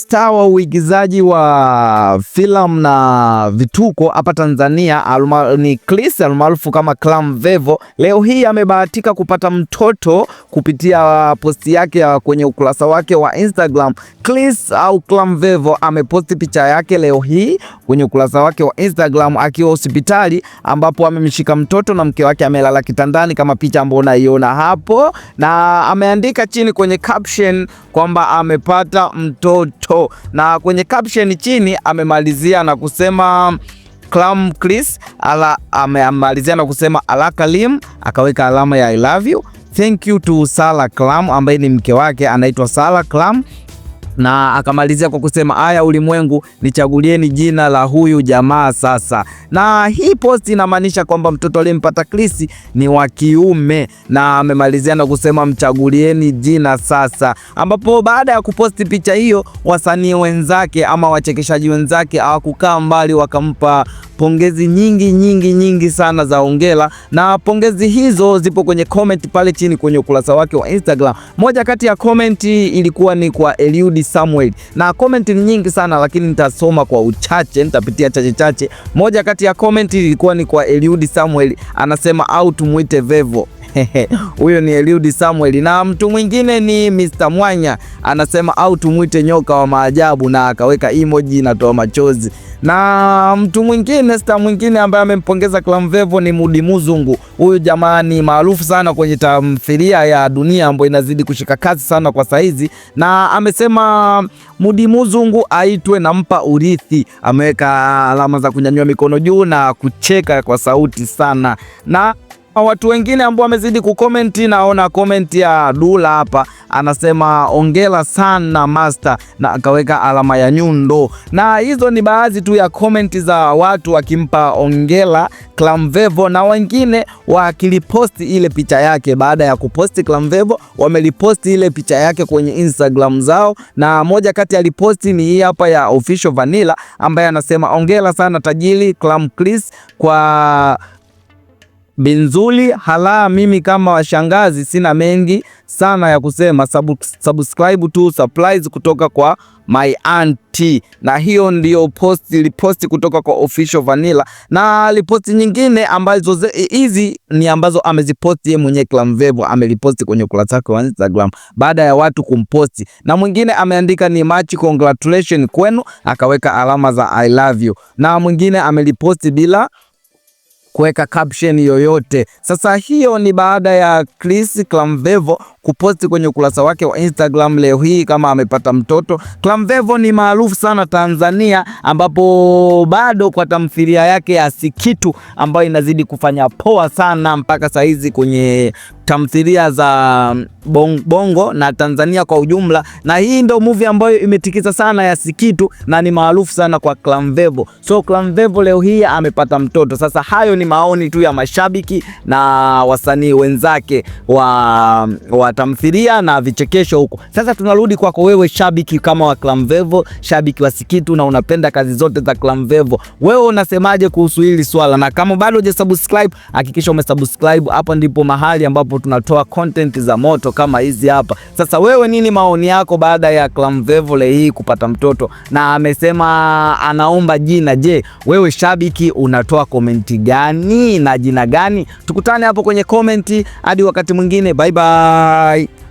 star wa uigizaji wa filamu na vituko hapa Tanzania aluma, ni Chris almaarufu kama Clam Vevo, leo hii amebahatika kupata mtoto kupitia posti yake kwenye ukurasa wake wa Instagram. Chris au Clam Vevo ameposti picha yake leo hii kwenye ukurasa wake wa Instagram akiwa hospitali ambapo amemshika mtoto na mke wake amelala kitandani kama picha ambayo unaiona hapo, na ameandika chini kwenye caption kwamba amepata mtoto. So na kwenye caption chini amemalizia na kusema Clam Chris ala, amemalizia na kusema Kalim, akaweka alama ya I love you. Thank you to Sala Clam ambaye ni mke wake anaitwa Sala Clam na akamalizia kwa kusema aya, ulimwengu nichagulieni jina la huyu jamaa sasa. Na hii post inamaanisha kwamba mtoto aliyempata Chris ni wa kiume, na amemalizia na kusema mchagulieni jina sasa, ambapo baada ya kuposti picha hiyo, wasanii wenzake ama wachekeshaji wenzake hawakukaa mbali, wakampa pongezi nyingi nyingi nyingi sana za ongela, na pongezi hizo zipo kwenye comment pale chini kwenye ukurasa wake wa Instagram. Moja kati ya comment ilikuwa ni kwa Eliud Samuel. Na comment ni nyingi sana, lakini nitasoma kwa uchache, nitapitia chache chache. Moja kati ya comment ilikuwa ni kwa Eliud Samuel, anasema au tumuite Vevo Huyo ni Eliud Samuel na mtu mwingine ni Mr. Mwanya anasema au tumuite nyoka wa maajabu, na akaweka emoji inatoa machozi. Na mtu mwingine star mwingine ambaye amempongeza Clamvevo ni Mudi Muzungu. Huyu jamani maarufu sana kwenye tamthilia ya dunia ambayo inazidi kushika kasi sana kwa saizi, na amesema Mudi Muzungu aitwe nampa urithi. Ameweka alama za kunyanyua mikono juu na kucheka kwa sauti sana na kwa watu wengine ambao wamezidi kucomment, naona comment ya Dula hapa anasema ongela sana master, na akaweka alama ya nyundo. Na hizo ni baadhi tu ya comment za watu wakimpa ongela Clamvevo, na wengine wakiliposti ile picha yake. Baada ya kuposti Clamvevo, wameliposti ile picha yake kwenye Instagram zao, na moja kati ya liposti ni hii hapa ya Official Vanilla ambaye anasema ongela sana tajiri Clam Chris kwa Binzuli hala, mimi kama washangazi sina mengi sana ya kusema. Sub, subscribe tu surprise kutoka kwa my auntie, na hiyo ndio post liposti kutoka kwa official Vanilla, na liposti nyingine ambazo hizi ni ambazo ameziposti yeye mwenyewe Clamvebo, ameliposti kwenye ukurasa wake wa Instagram baada ya watu kumposti, na mwingine ameandika ni Machi, congratulations kwenu, akaweka alama za I love you, na mwingine ameliposti bila kuweka caption yoyote. Sasa hiyo ni baada ya Chris clamvevo kuposti kwenye ukurasa wake wa Instagram leo hii kama amepata mtoto. Clamvevo ni maarufu sana Tanzania, ambapo bado kwa tamthilia yake ya Sikitu ambayo inazidi kufanya poa sana mpaka saa hizi kwenye tamthilia za mm, Bongo na Tanzania kwa ujumla, na hii ndio movie ambayo imetikisa sana ya Sikitu na ni maarufu sana kwa Clamvevo. So Clamvevo leo hii amepata mtoto. Sasa hayo ni maoni tu ya mashabiki na wasanii wenzake wa, wa kwa tamthilia na vichekesho huko. Sasa tunarudi kwako wewe, shabiki kama wa Clamvevo, shabiki wa Sikitu na unapenda kazi zote za Clamvevo, wewe unasemaje kuhusu hili swala? Na kama bado hujasubscribe, hakikisha umesubscribe. Hapa ndipo mahali ambapo tunatoa content za moto kama hizi hapa. Sasa wewe, nini maoni yako baada ya Clamvevo le hii kupata mtoto na amesema anaomba jina? Je, wewe shabiki unatoa komenti gani na jina gani? Tukutane hapo kwenye komenti. Hadi wakati mwingine, bye bye. Bye!